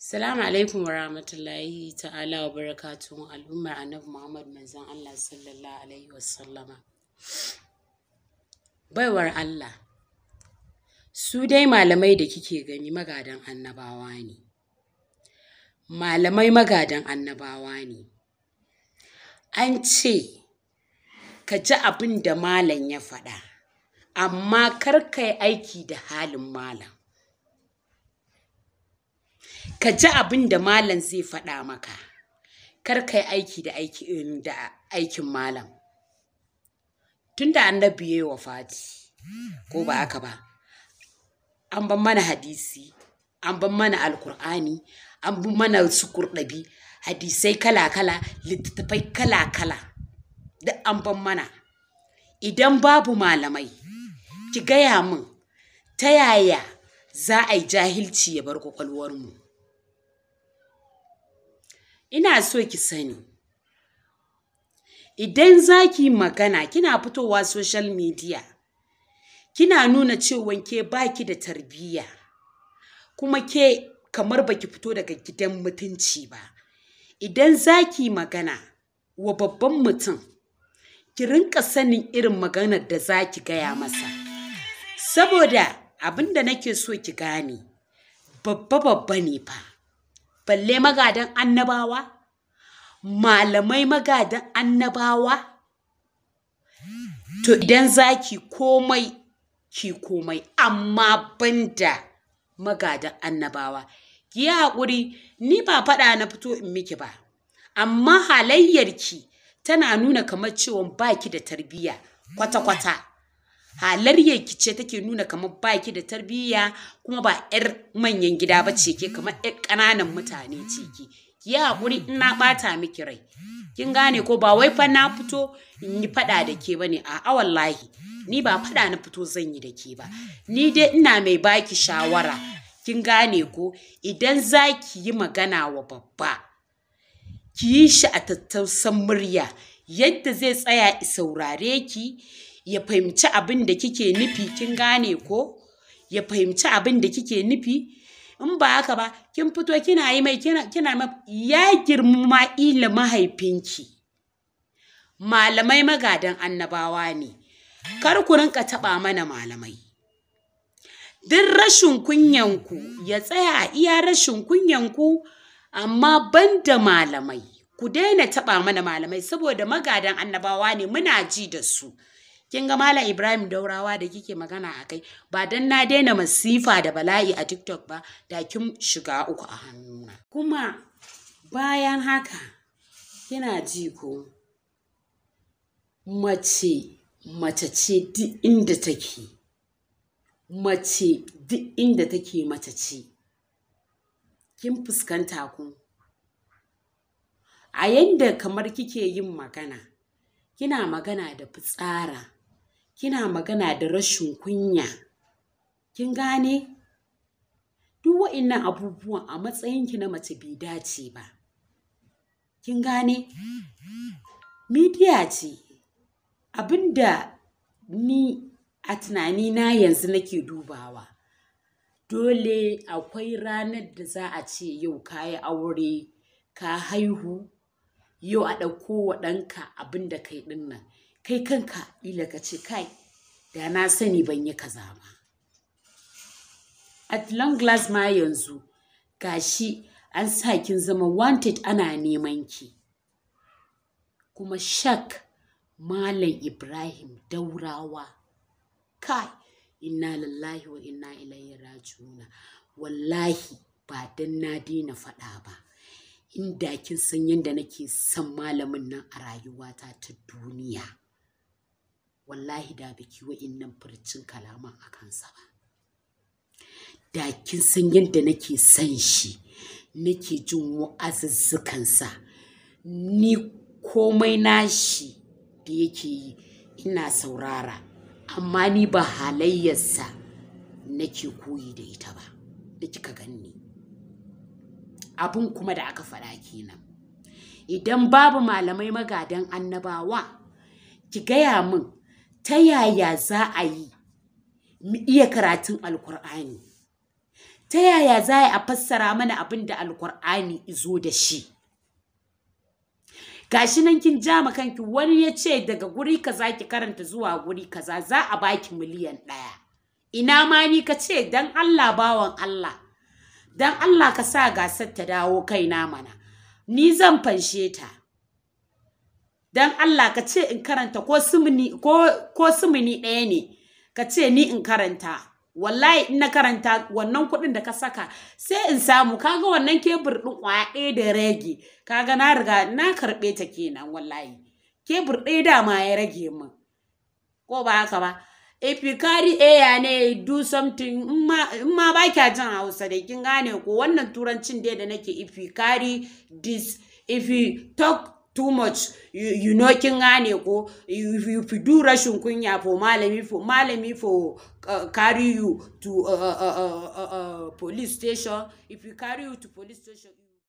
Salamu alaikum wa rahmatullahi ta'ala wa barakatun al'ummar annabi Muhammad manzan Allah sallallahu alaihi wa sallama. Baiwar Allah, su dai malamai da kike gani magadan annabawa ne. Malamai magadan annabawa ne. An ce, ka ji abin da malam ya faɗa, amma kar ka aiki da halin malam. ka ji abin da malam zai faɗa maka kar ka yi aiki da eh, aikin malam tunda annabi ya yi wafati ko ba haka ba an ban mana hadisi an ban mana alkur'ani an ban mana su kurɗabi hadisai kala-kala littattafai kala-kala da an ban mana idan babu malamai ki gaya min ta yaya za a yi jahilci ya bar kwakwalwarmu mu ina so ki sani idan za ki magana kina fitowa social media kina nuna cewan ke baki da tarbiyya kuma ke kamar baki fito daga gidan mutunci ba idan za ki magana wa babban mutum ki rinka sanin irin maganar da za ki gaya masa saboda abin da nake so ki gane babba babba ne fa balle magadan annabawa malamai magadan annabawa to idan za ki komai ki komai amma banda magadan annabawa ki yi haƙuri ni ba faɗa na fito in miki ba amma halayyar ki tana nuna kamar cewa baki da tarbiyya kwata-kwata halayyar ki ce take nuna kamar baki da tarbiyya kuma ba yar manyan gida ba ce ke kamar yar ƙananan mutane ce ki yi hakuri in na ɓata miki rai kin gane ko ba wai fa na fito in yi faɗa da ke ba ne a wallahi ni ba faɗa na fito zan yi da ke ba ni dai ina mai baki shawara kin gane ko idan za ki yi magana wa babba ki yi shi a tattausan murya yadda zai tsaya saurare ki ya fahimci abin da kike nufi kin gane ko ya fahimci abin da kike nufi in ba haka ba kin fito kina yi mai kina ma ya girma ma ila mahaifinki malamai magadan annabawa ne kar ku rinka taɓa mana malamai duk rashin kunyanku ya tsaya iya rashin kunyanku amma ban da malamai ku daina taɓa mana malamai saboda magadan annabawa ne muna ji da su kin ga Malam Ibrahim Daurawa da kike magana a kai ba dan na daina masifa da bala'i a TikTok ba da kin shiga uku a hannuna kuma bayan haka kina ji ko mace mace ce duk inda take mace duk inda take mace ce kin fuskanta ku a yanda kamar kike yin magana kina magana da fitsara kina magana da rashin kunya kin gane duk wa'innan abubuwan a matsayinki na mace bai dace ba kin gane midiya ce abinda ni a tunani na yanzu nake dubawa dole akwai ranar da za a ce yau ka yi aure ka haihu yau a ɗauko wa ɗanka abinda kai ɗin nan kai kanka ila ka ce kai da na sani ban yi kaza ba at long glass ma yanzu gashi an sa kin zama wanted ana neman ki kuma shak malam ibrahim daurawa kai inna lillahi wa inna ilaihi raji'una wallahi ba dan na daina faɗa ba inda kin san yadda nake son malamin nan a rayuwata ta duniya wallahi da biki wa'innan furcin kalaman a kansa ba da kin san yadda nake san shi nake jin wa'azuzzukansa ni komai nashi da yake yi ina saurara amma ni ba halayyarsa nake koyi da ita ba da kika ganni abin kuma da aka faɗa kenan idan babu malamai magadan annabawa ki gaya min ta yaya za a yi iya karatun alkur'ani ta yaya za a a fassara mana abin da alkur'ani izo da shi gashi nan kin ja ma wani ya ce daga guri kaza ki karanta zuwa guri kaza za a baki miliyan ɗaya ina ma ni ka ce dan Allah bawan Allah dan Allah ka sa gasar ta dawo kaina mana ni zan fanshe ta dan Allah ka ce in karanta ko sumuni ko ɗaya ne ka ce ni in karanta wallahi in na karanta wannan kuɗin da ka saka sai in samu kaga wannan kebur ɗin ƙwaya ɗaya da rage kaga na riga na karɓe ta kenan wallahi kebur ɗaya dama ya rage min ko ba haka ba if you carry air ne do something in ma ba kya jin hausa da kin gane ko wannan turancin dai da nake if you carry this if you talk too much you, you know kin gane If you fi du rashin kunya for malami for malami for uh, carry you to uh, uh, uh, uh, uh, police station if you carry you to police station